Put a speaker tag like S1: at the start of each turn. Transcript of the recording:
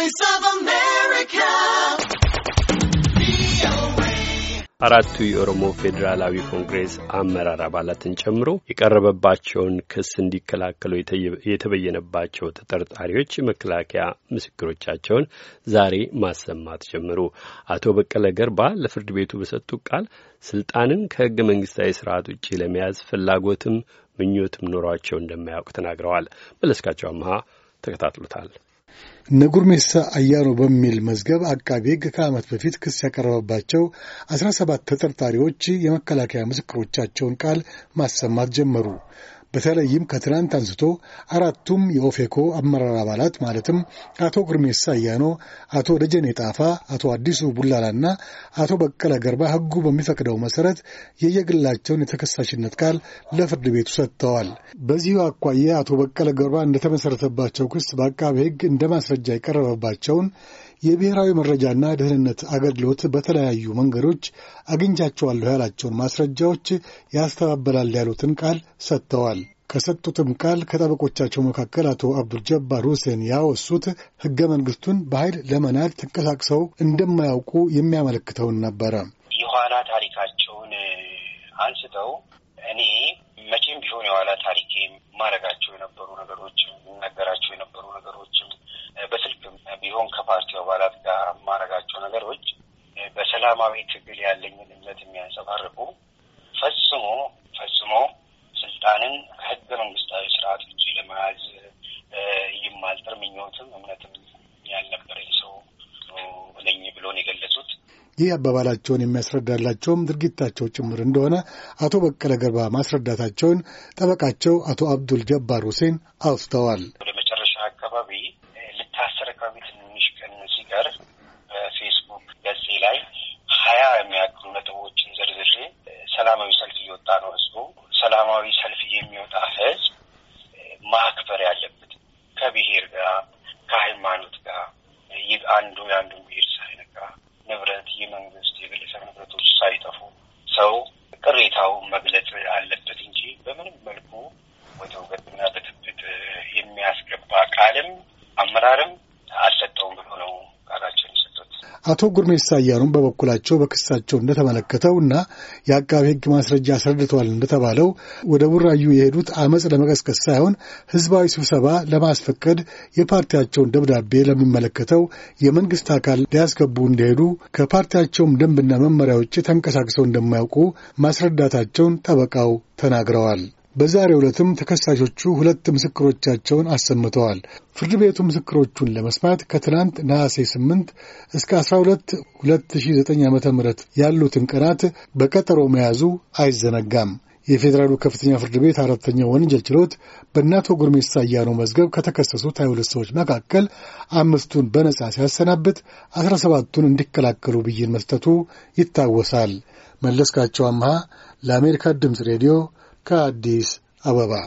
S1: Voice of America. አራቱ የኦሮሞ ፌዴራላዊ ኮንግሬስ አመራር አባላትን ጨምሮ የቀረበባቸውን ክስ እንዲከላከሉ የተበየነባቸው ተጠርጣሪዎች የመከላከያ ምስክሮቻቸውን ዛሬ ማሰማት ጀመሩ። አቶ በቀለ ገርባ ለፍርድ ቤቱ በሰጡት ቃል ስልጣንን ከህገ መንግስታዊ ስርዓት ውጭ ለመያዝ ፍላጎትም ምኞትም ኖሯቸው እንደማያውቅ ተናግረዋል። መለስካቸው አመሃ ተከታትሎታል።
S2: እነ ጉርሜሳ አያኖ በሚል መዝገብ አቃቢ ሕግ ከዓመት በፊት ክስ ያቀረበባቸው አስራ ሰባት ተጠርጣሪዎች የመከላከያ ምስክሮቻቸውን ቃል ማሰማት ጀመሩ። በተለይም ከትናንት አንስቶ አራቱም የኦፌኮ አመራር አባላት ማለትም አቶ ግርሜሳ አያኖ፣ አቶ ደጀኔ ጣፋ፣ አቶ አዲሱ ቡላላና አቶ በቀለ ገርባ ሕጉ በሚፈቅደው መሰረት የየግላቸውን የተከሳሽነት ቃል ለፍርድ ቤቱ ሰጥተዋል። በዚሁ አኳያ አቶ በቀለ ገርባ እንደተመሰረተባቸው ክስ በአቃቤ ሕግ እንደ ማስረጃ የቀረበባቸውን የብሔራዊ መረጃና ደህንነት አገልግሎት በተለያዩ መንገዶች አግኝቻቸዋለሁ ያላቸውን ማስረጃዎች ያስተባበላል ያሉትን ቃል ሰጥተዋል። ከሰጡትም ቃል ከጠበቆቻቸው መካከል አቶ አብዱልጀባር ሁሴን ያወሱት ህገ መንግስቱን በኃይል ለመናድ ተንቀሳቅሰው እንደማያውቁ የሚያመለክተውን ነበረ።
S3: የኋላ ታሪካቸውን አንስተው እኔ መቼም ቢሆን የኋላ ታሪክ ማረጋ አሁን ከፓርቲው አባላት ጋር የማረጋቸው ነገሮች በሰላማዊ ትግል ያለኝን እምነት የሚያንጸባርቁ ፈጽሞ ፈጽሞ ስልጣንን ከህገ መንግስታዊ ስርዓት ውጭ ለመያዝ ይማልጠር ምኞትም እምነትም ያልነበረኝ ሰው ነኝ ብሎን የገለጹት
S2: ይህ አባባላቸውን የሚያስረዳላቸውም ድርጊታቸው ጭምር እንደሆነ አቶ በቀለ ገርባ ማስረዳታቸውን ጠበቃቸው አቶ አብዱል ጀባር ሁሴን አውስተዋል።
S3: በትዊተር በፌስቡክ ገጽ ላይ ሀያ የሚያክሉ ነጥቦችን ዝርዝሬ ሰላማዊ ሰልፍ እየወጣ ነው ህዝቡ። ሰላማዊ ሰልፍ የሚወጣ ህዝብ ማክበር ያለበት ከብሄር ጋር ከሃይማኖት ጋር አንዱ የአንዱን ብሄር ሳይነካ ንብረት የመንግስት የግለሰብ ንብረቶች ሳይጠፉ ሰው ቅሬታው መግለጽ አለበት እንጂ በምንም መልኩ ወደ ውገትና ብጥብጥ የሚያስገባ ቃልም አመራርም አልሰጠውም።
S2: አቶ ጉርሜሳ አያኑም በበኩላቸው በክሳቸው እንደተመለከተው እና የአቃቢ ሕግ ማስረጃ አስረድተዋል እንደተባለው ወደ ቡራዩ የሄዱት አመፅ ለመቀስቀስ ሳይሆን ህዝባዊ ስብሰባ ለማስፈቀድ የፓርቲያቸውን ደብዳቤ ለሚመለከተው የመንግስት አካል ሊያስገቡ እንደሄዱ ከፓርቲያቸውም ደንብና መመሪያ ውጭ ተንቀሳቅሰው እንደማያውቁ ማስረዳታቸውን ጠበቃው ተናግረዋል። በዛሬው ዕለትም ተከሳሾቹ ሁለት ምስክሮቻቸውን አሰምተዋል። ፍርድ ቤቱ ምስክሮቹን ለመስማት ከትናንት ነሐሴ 8 እስከ 12 2009 ዓ ም ያሉትን ቀናት በቀጠሮ መያዙ አይዘነጋም። የፌዴራሉ ከፍተኛ ፍርድ ቤት አራተኛው ወንጀል ችሎት በእናቶ ጉርሜሳ አያኖ መዝገብ ከተከሰሱት 22 ሰዎች መካከል አምስቱን በነጻ ሲያሰናብት 17ቱን እንዲከላከሉ ብይን መስጠቱ ይታወሳል። መለስካቸው አምሃ ለአሜሪካ ድምፅ ሬዲዮ ከአዲስ አበባ